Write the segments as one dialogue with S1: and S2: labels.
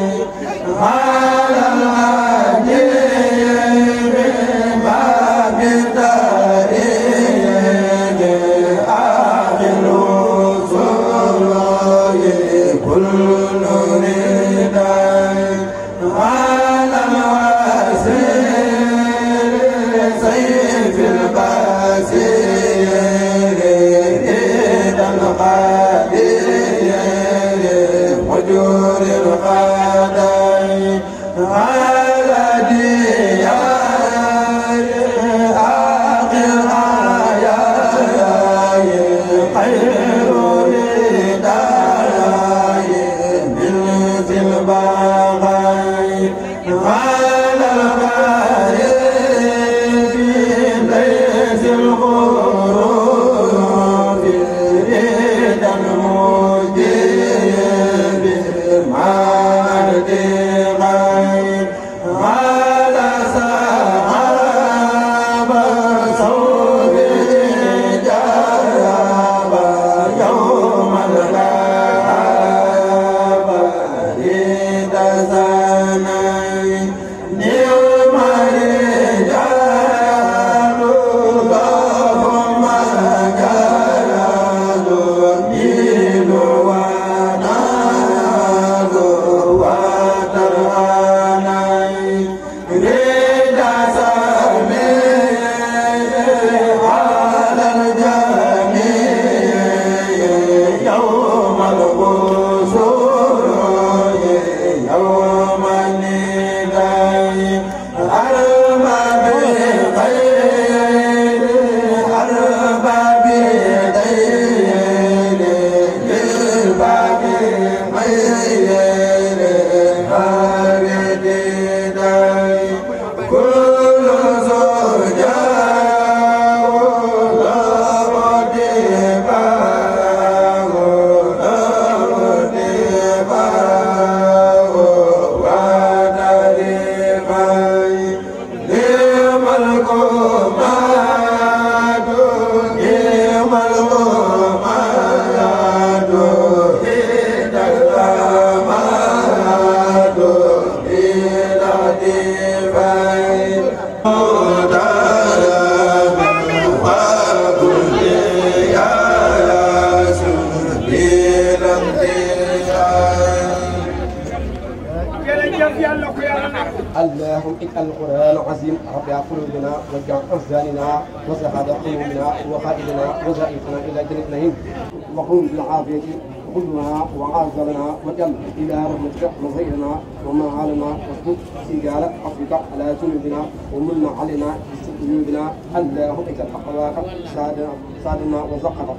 S1: Hallelujah.
S2: اللهم إن القران العظيم ربيع قلوبنا وجع احزاننا وزهد قيومنا وخائبنا وزائفنا الى جنتهم وقوم بالعافيه خذنا وعافنا وجل الى رحمتك مصيرنا ومعالنا واصبر سجال حفظك على جنوبنا ومن علينا جنوبنا اللهم الحق حقواك سادنا وزقنا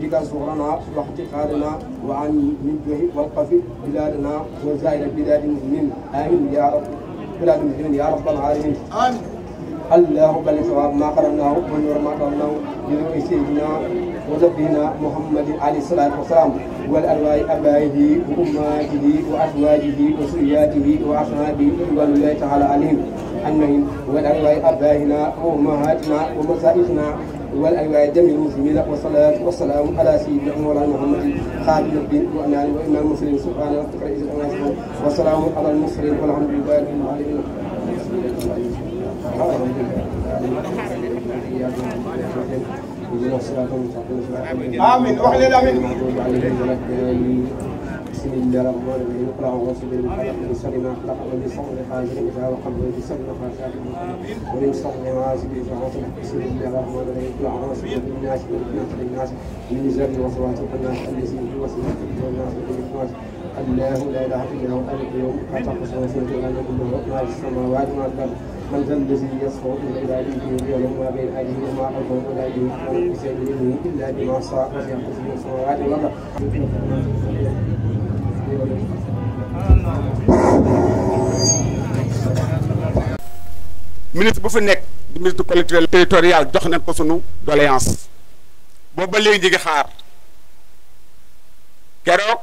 S2: بك صغرنا واحتقارنا وعن من جهه والقفي بلادنا وزائر بلاد المسلمين امين يا رب رب العالمين يا رب العالمين آمين اللهم بلغ ثواب ما قرناه ونور ما قرناه بنور سيدنا وزبينا محمد عليه الصلاة والسلام والأرواح أبائه وأماته وأزواجه وسرياته وأصحابه رضوان الله تعالى عليهم أجمعين والأرواح أبائنا وأمهاتنا ومسائخنا والألواء جميل جميلا والصلاة والسلام على سيدنا مولانا محمد خالد الدين وأمان وإمام المسلمين سبحانه وتعالى رئيس الأمانة والسلام على المسلمين والحمد لله رب العالمين. آمين أحلل آمين. بسم الله الرحمن الرحيم اقرا وصف بالقلم من شر ما خلق ومن شر حاجر اذا وقب ومن شر غاسق ومن شر غاسق اذا وقب بسم الله الرحمن الرحيم اقرا وصف بالناس والناس للناس من شر وسواس الناس الذي يوسوس في الناس والناس الله لا اله الا هو الف يوم خلق وسوسه لنا كل ما في السماوات وما في الارض من ذا الذي يصفو الى عباده ويعلم ما بين ايديهم وما خلفهم ولا يحيطون بشيء منه الا بما شاء وسع السماوات والارض
S3: ministre bu fi nek di ministre collectivité territoriale jox nañ ko sunu doléance bo ba légui ñu ngi xaar kéro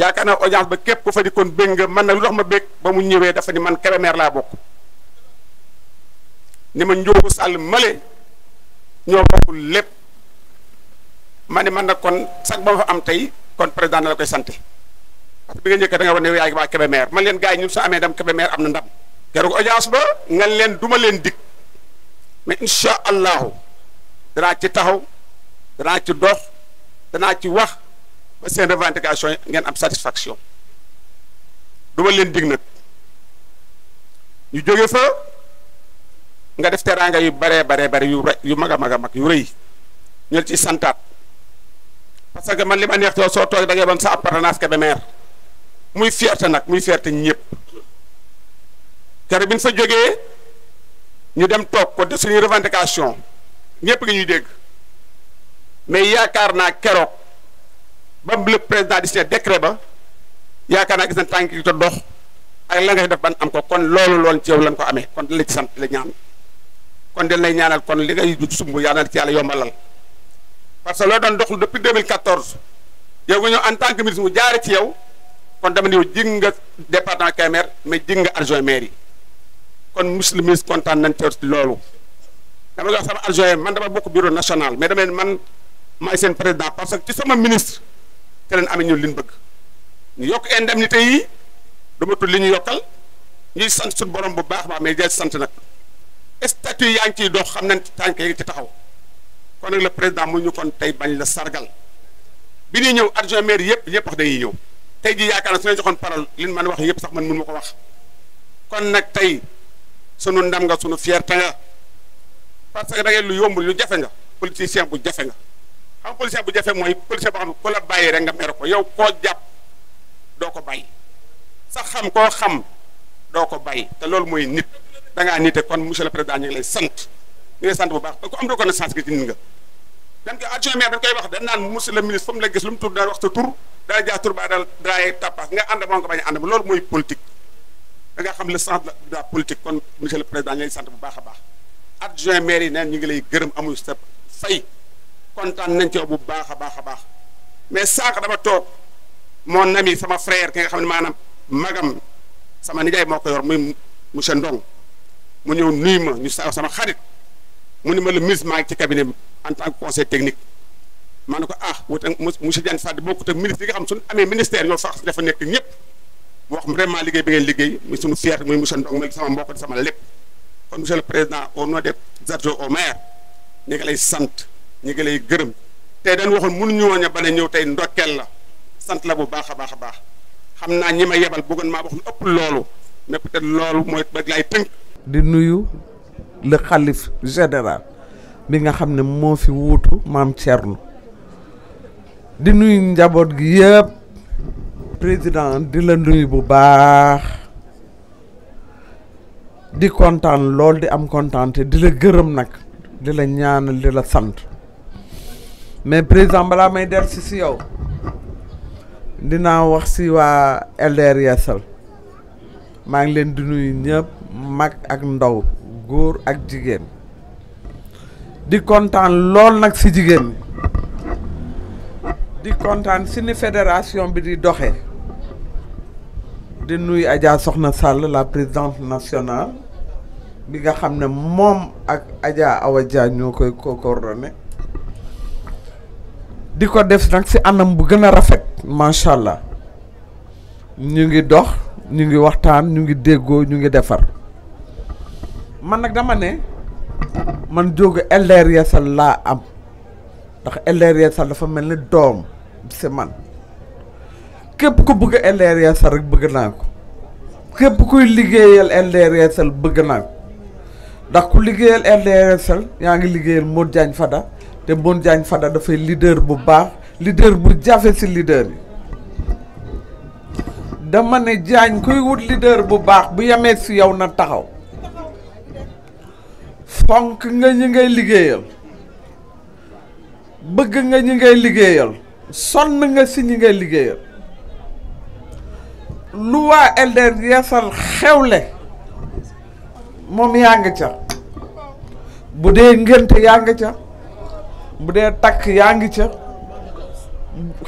S3: yaakaar naa audience ba képp ku fa di kon bég man na lu tax ma bëgg ba mu ñëwé dafa ni man Kébémer la bokk ni ma ñoo sall malé ñoo bokkul lépp mané man na kon sax ba fa am tay kon président na la koy santé bi nga njëkk da nga wax ne yaa ngi waa Kébémer leen gars yi ñun su amee ndam Kébémer am na ndam keroog audience ba nga leen duma leen dig mais incha allahu danaa ci taxaw danaa ci dox danaa ci wax ba seen revendication ngeen am satisfaction duma leen dig nag ñu jóge fa nga def teraanga yu baree baree bare yu yu mag a mag a mag yu rëy ñu ci santaat parce que man li ma neex soo toog da ngay doon sa appartenance Kébémer muy fierté nak muy fierté ñepp kere bi ñu fa jógee ñu dem tok ko de suñu revendication ñepp gi ñuy dégg mais yaakar na keroog ba le président di signé décret ba yaakar naa gis na tànk yi te dox ak la ngay def ban am ko kon loolu loolu ci yow lañ ko amé kon la ci sant la ñaan kon del lay ñaanal kon li ngay sumbu yaanal ci yalla yombalal parce que lo doon doxul depuis 2014 yow nga ñëw en tant que ministre mu jaar ci yow kon dama ne yow jing nga département kemer mais jing nga adjoint maire kon muslimis kontan nañ ci lolu dama la wax sama adjoint man dama bokk bureau national mais dama man maay sen président parce que ci sama ministre té len amé ñu liñ bëgg ñu yok indemnité yi dama tudd liñ yokal yokkal ñuy sant sun borom bu baax ba mais jé sant nak statut ya ngi ci dox xam nañ tank yi ci taxaw kon nak le président mu ñu kon tay bañ la sargal bi ni ñew adjoint maire yépp ñepp wax dañuy ñew tay jii yaakaar na su leen joxoon parole li ñu wax yëpp sax man mënu ma ko wax kon nag tey sunu ndam nga sunu fierté nga parce que da ngay lu yomb lu jafe nga politicien bu jafe nga xam politicien bu jafe mooy politicien boo xam ne ku la bàyyi rek nga mer ko yow koo jàpp doo ko bàyyi sa xam koo xam doo ko bàyyi te loolu mooy nit da ngaa nite kon monsieur le président ñu ngi lay sant ñu ngi lay sant bu baax ko am reconnaissance gi ci nit nga. dañ koy adjoint maire dañ koy wax dañ naan monsieur le ministre fa mu la gis lu mu tur dana wax sa tur dana jaax tur ba dal dana tappaas nga ànd ba nga ko bañ a ànd loolu mooy politique da nga xam le sens de la politique kon monsieur le président ñu lay sant bu baax a baax adjoint maire yi neen ñu ngi lay gërëm amul sa fay kontaan nañ ci bu baax a baax a baax mais sànq dama toog mon ami sama frère ki nga xam ne maanaam magam sama nijaay moo ko yor muy monsieur Ndong mu ñëw nuyu ma ñu sama xarit mu ne ma le ministre maa ngi ci cabinet bi en tant que conseil technique maa ne ko ah wut ak monsieur Diagne Fade bokkut ak ministre yi nga xam suñu amee ministère ñoom sax dafa nekk ñëpp wax vraiment liggéey bi ngeen liggéey muy suñu fierté muy monsieur Ndong sama mbokk di sama lépp kon monsieur le président au nom des adjoints au lay sant ñu ngi lay gërëm tey dañ waxoon mënuñu woon a ba ne ñëw tey ndokkeel la sant la bu baax a baax a baax xam naa ñi ma yebal bëggoon maa wax ëpp loolu mais peut-être mooy bëgg laay tënk.
S4: nuyu. le xalif général bi nga xam ne moo fi wuutu maam Thierno di nuyu njaboot gi yëpp président di la nuyu bu baax di kontaan lool di am kontaan te di la gërëm nag di la ñaanal di la sant mais président balaa may del si si yow dinaa wax si waa LDR Yeesal maa ngi leen di nuyu ñëpp mag ak ndaw góor ak jigéen di kontaan lool nag si jigéen di kontaan si ni fédération bi di doxee di nuyu Adja Soxna Sall la présidente nationale bi nga xam ne moom ak Adja Awa Dia ñoo koy ko di ko def nag si anam bu gën a rafet macha allah ñu ngi dox ñu ngi waxtaan ñu ngi déggoo ñu ngi defar. man nag dama ne man jógu LDR Yeesal laa am ndax LDR Yeesal dafa mel ni doom si man képp ku bëgg LDR Yeesal rek bëgg naa ko képp kuy liggéeyal LDR Yeesal bëgg naa ko ndax ku liggéeyal LDR Yeesal yaa ngi liggéeyal Modou Diagne Fada te Modou Diagne Fada dafay leader bu baax leader bu jafe si leader yi dama ne Diagne kuy wut leader bu baax bu yemee si yow na taxaw ponk nga ñi ngay liggéeyal bëgg nga ñi ngay liggéeyal sonn nga si ñi ngay liggéeyal lu waa LDR yeesal xewle moom yaa nga ca bu dee ngénte yaa nga ca bu dee takk yaa ngi ca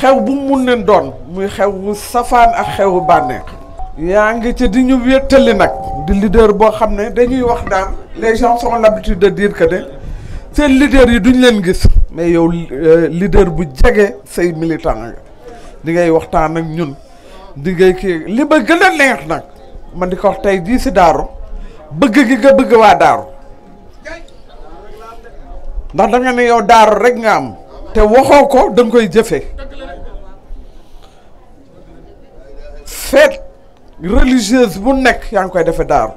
S4: xew bu mun leen doon muy xew wu ak xewu bànneex yaa ngi ci di ñu wéttali nag di leader boo xam ne dañuy wax daal les gens ont l'habitude de dire que ne seen leader yi duñ leen gis mais yow euh, lider bu jege say militant nga di ngay waxtaan ak ñun di ngay kii li ba gën a neex nag ma di ko wax tey jii si daaru bëgg gi nga bëgg waa daaru ndax da ne yow daaru rek nga am te waxoo ko da koy jëfe feet religieuse bu nekk yaa ngi koy defee daaru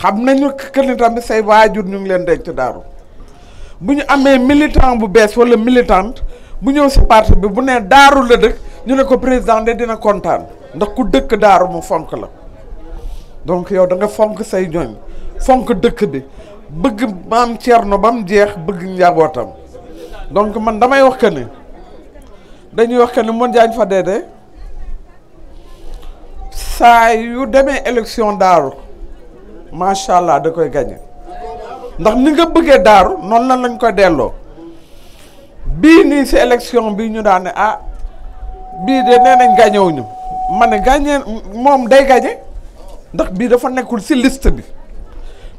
S4: xam nañu que ni tamit say waajur ñu ngi leen denc daaru bu ñu amee militant bu bees wala militante bu ñëw si parti bi bu nee daaru la dëkk ñu ne ko président de dina kontaan ndax ku dëkk daaru mu fonk la donc yow da nga fonk say ñooñ fonk dëkk bi bëgg maam Thierno ba mu jeex bëgg njabootam donc man damay wax que ni dañuy wax que ni Modou fa Fada de saa yu demee élection daaru macha allah da koy gañe ndax ni nga bëggee daaru noonu la lañ koy delloo bii nii si élection bi ñu daan ne ah bii de nee nañ gañewuñu ma ne gañee moom day gañe ndax bii dafa nekkul si list bi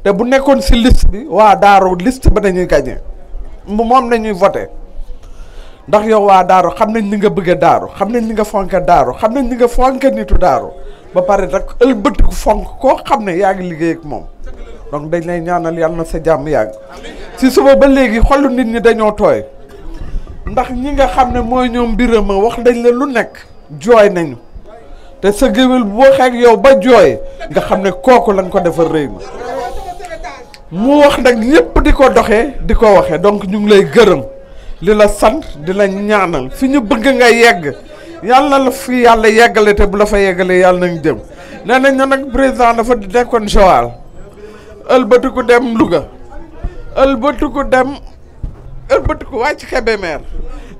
S4: te bu nekkoon si list bi waa daaru list ba dañuy gañe moom nañuy voté ndax yow waa daaru xam nañ ni nga bëggee daaru xam nañ ni nga fonke daaru xam nañ ni nga fonke nitu daaru ba pare rek ëlbëtiku fonk koo xam ne yaa ngi liggéey ak moom donc dañ lay ñaanal yàlla na sa jàmm yàgg si suba ba léegi xolu nit ñi dañoo tooy ndax ñi nga xam ne mooy ñoom Birama wax ndañ la lu nekk jooy nañu te sa géwél bu waxee ak yow ba jooy nga xam ne kooku lañ ko defar rëy ma mu wax nag ñëpp di ko doxee di ko waxee donc ñu ngi lay gërëm li la sant di la ñaanal fi ñu bëgg nga yegg yalla la fi yalla yeggale te bu la fa yeggale yalla nañ dem nee nañ na nag président dafa dekkoon Joal ko dem Louga ko dem wacc wàcc Kébémer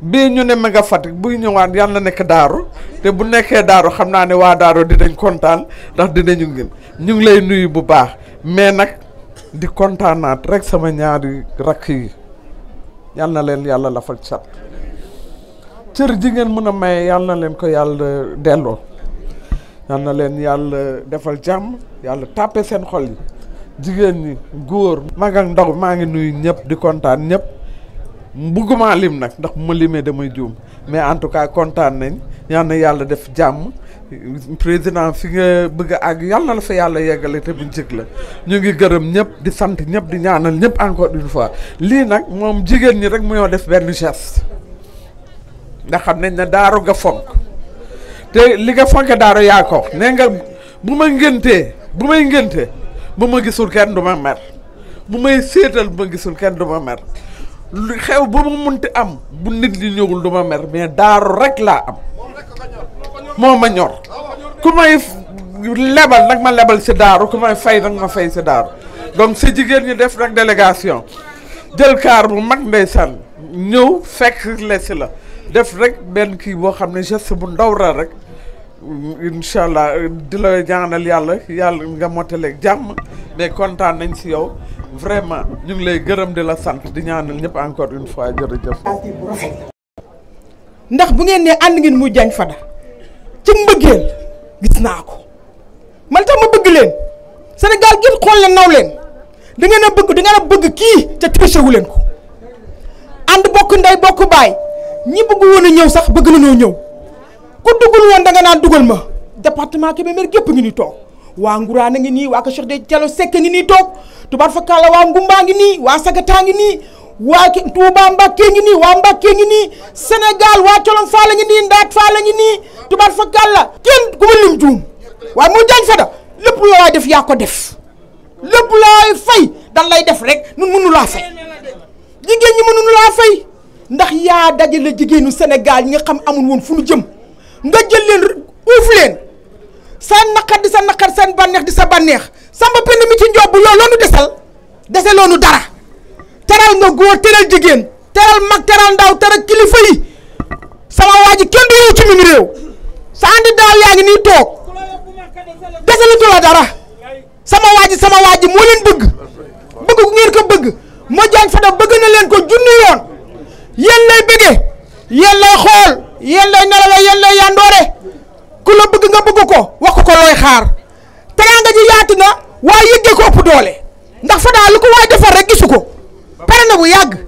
S4: bi ñu ne mega fat bu ñu ñëwaat yalla nekk daaru te bu nekkee daaru xamna naa wa waa di dañ kontaan ndax dinañu ngi ñu ngi lay nuyu bu baax mais nak di kontaanaat rek sama ñaari rakk yi yàlla leen yalla la fa sat cër ji ngeen mën a maye yàlla na leen ko yàlla delloo yàlla na leen yàlla defal jàmm yàlla tàppe seen xol yi jigéen ñi góor mag ak ndaw maa ngi nuyu ñëpp di kontaan ñëpp mbuguma lim nag ndax bu ma limee damay juum mais en tout cas kontaan nañ yàlla na yàlla def jàmm président fi nga bëgg a àgg yàlla na la fa yàlla yeggale te bu njëkk la ñu ngi gërëm ñëpp di sant ñëpp di ñaanal ñëpp encore une fois lii nag moom jigéen ñi rek mu ñoo def benn geste ndax xam nañ ne daaro nga fonk te li nga fonk daaro yaa ko nee nga bu ma ngëntee bu may ngënte bu ma gisul kenn du ma mer bu may seetal bu ma gisul kenn du ma mer lu xew bu ma munti am bu nit ñi ñëwul du ma mer mais daaru rek laa am moo ma ñor ku may lebal nag ma lebal si daaru ku may fay nag ma fay si daaru donc si jigéen ñi def nag délégation jël kaar bu mag ndeysaan ñëw fekk la la def rek benn kii boo xam ne geste bu ndaw la rek incha allah di la ñaanal yàlla yàlla nga motaleeg jàmm mais kontaan nañ si yow vraiment ñu ngi lay gërëm di la sant di ñaanal ñëpp encore une fois jërëjëf.
S5: ndax bu ngeen ne ànd ngeen mu jañ fada ci mbëggeel gis naa ko man tax ma bëgg leen Sénégal gi xool leen naw leen da a bëgg da ngeen a bëgg kii te triché leen ko ànd bokk ndey bokk baay. ñi bëgg woon a ñëw sax bëgg nañoo ñëw ku duggul woon danga naan dugal ma département Kébémer gépp ngi ni toog waa Ngourane ngi nii waa ko Cheikh de Diallo Seck ngi nii toog tubaar fakkaala waa nii waa Sagata ngi nii waa Touba Mbacké ngi nii waa Mbacké ngi nii Sénégal waa Colom Fala ngi nii Ndaat Fala ngi nii tubaar fakkaala kenn ku ma lim juum waaye moo jañ fa da lépp loo def yaa ko def lépp looy fay dan lay def rek nun mënu laa fay jigéen ñi mënuñu laa fay ndax yaa dajale jigéenu senegaal yi nga xam amul woon fu nu jëm nga jël leen uuf leen sa naqar di sa naqar seen bànneex di sa bànneex samba pend mi ci njob loolu desal dese dara teral nga góor teral jigéen teral mag teral ndaw teral kilifa yi sama waa ji kenn du yow ci mim réew sa andi daaw yaa ngi nii toog dese la dara sama waa sama waa moo leen bëgg bëgg ku ngeen ko bëgg moo jaan fa def bëgg na leen ko yéen lay bëggee yéen lay xool yéen lay nelawa yéen lay yandoore ku la bëgg nga bëgg ko wax ko looy xaar teraanga ji yaatu na waaye yëggee ko ëpp doole ndax fa daal lu ko waay defar rek gisu ko pare na bu yàgg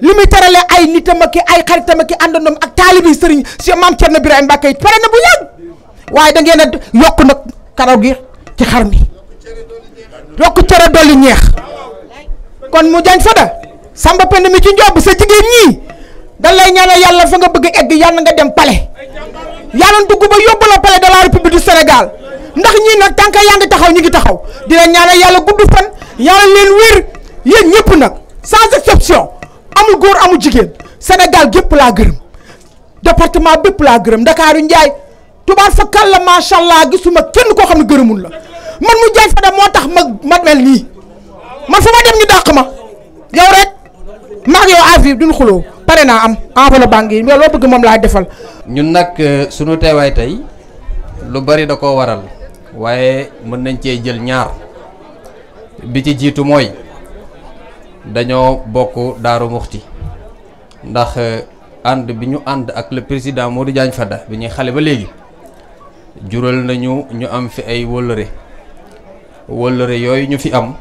S5: li muy terale ay nitam ak ay xaritam ak àndandoom ak taalibi sëriñ si maam Cerno Birahim Mbàkke it pare na bu yàgg waaye da ngeen yokk nag karaw gi ci xar mi yokk cere dolli ñeex kon mu jañ fa da Samba Penda mi ci njob sa jigéen ñii dañ lay yàlla fa nga bëgg egg yàlla nga dem palais yàlla dugg ba yóbbu la palais de république du Sénégal ndax ñii nag tànk yaa ngi taxaw ñu ngi taxaw dina ñaanal yàlla gudd fan yàlla leen wér yéen ñëpp nag sans exception amul góor amul jigéen Sénégal gépp laa gërëm département bépp laa gërëm Ndakaaru Njaay tubaar fa kàlla macha allah gisuma kenn koo xam ne gërëmul la man mu jaay fa da moo tax ma ma mel ma dem ñu
S6: ma maag yow à vivre duñ xuloo pare naa am enveloppe banque yi loo bëgg moom laay defal. ñun nag euh, suñu teewaay tey lu bari da koo waral waaye mën nañ cee jël ñaar bi ci jiitu mooy dañoo bokk Daaru Muxti ndax euh, ànd bi ñu ànd ak le président Modou Diagne Fada bi ñuy xale ba léegi jural nañu ñu am fi ay wëllëre wëllëre yooyu ñu fi am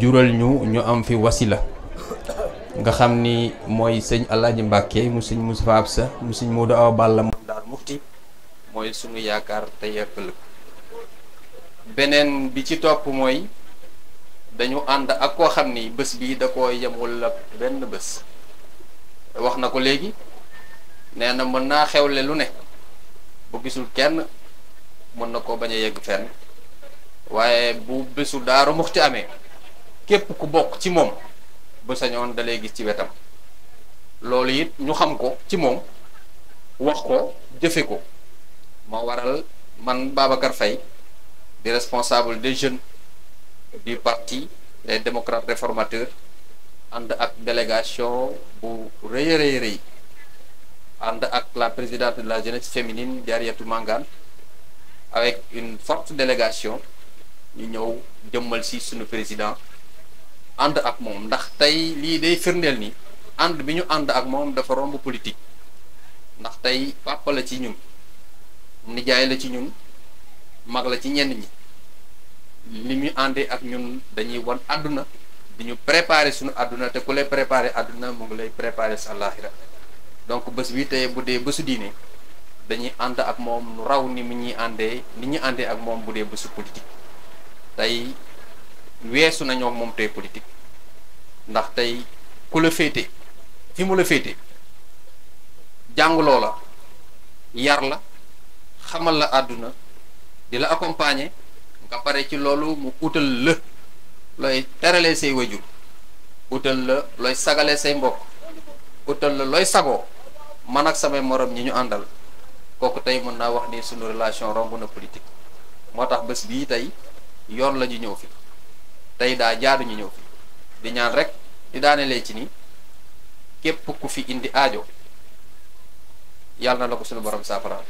S6: jural ñu ñu am fi wasila. nga xamni moy mooy sëñ mbake mu sëñ mustapha absa mu sëñ modou aw balla moom mufti moy sunu yaakaar tey ak Benen bi ci top moy dañu and ak ko xamni bi da ko yamul la ben bes. wax nako legi neena mën na xewle lu ne bu gisul kenn mën na baña yegg fenn waye bu bésu daru mufti amé képp ku bok ci mom ba sañoon da lay gis ci wetam loolu it ñu xam ko ci moom wax ko jëfe ko ma waral man Babacar fay di responsable des jeunes du parti les démocrates réformateurs and ak délégation bu rëy rëy rëy and ak la présidente de la jeunesse féminine Diariatou Mangane avec une forte délégation ñu ñëw jëmmal si suñu président anda ak mom ndax tay li day firndel ni and biñu and ak mom dafa rombu politique ndax tay papa la ci ñun jaay la ci ñun mag la ci ñenn ñi li muy ak ñun dañuy wan aduna, diñu préparer suñu aduna te ku lay préparer aduna mo ngi lay préparer sa lahira donc bëss bi tay bu dé bésu diiné dañuy and ak mom nu raw ni mi ñi andé ni ñi andé ak mom bu dé politique tay weesu nañoo moom tey politique ndax tey ku la féete fi mu la féete jàngloo la yar la xamal la àdduna di la accompagner nga pare ci loolu mu utal la looy terale say wajur utal la looy sagale say mbokk utal la looy sagoo man ak samay morom ñi ñu àndal kooku tey mën naa wax ni sunu relation romb na politique moo tax bés bii tey yoon la ñu ñëw fi tey daa jaaruñu ñëw di ñaan rek di daanelee ci ni képp ku fi indi aajo yàlla na la ko suñu borom saafara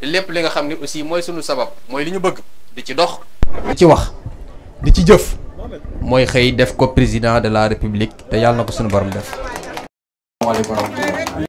S6: lépp li nga xam ne aussi mooy suñu sabab mooy li ñu bëgg di ci dox. di ci wax di ci jëf. mooy xëy def ko président de la république te yàlla na ko suñu borom def.
S4: waaleykum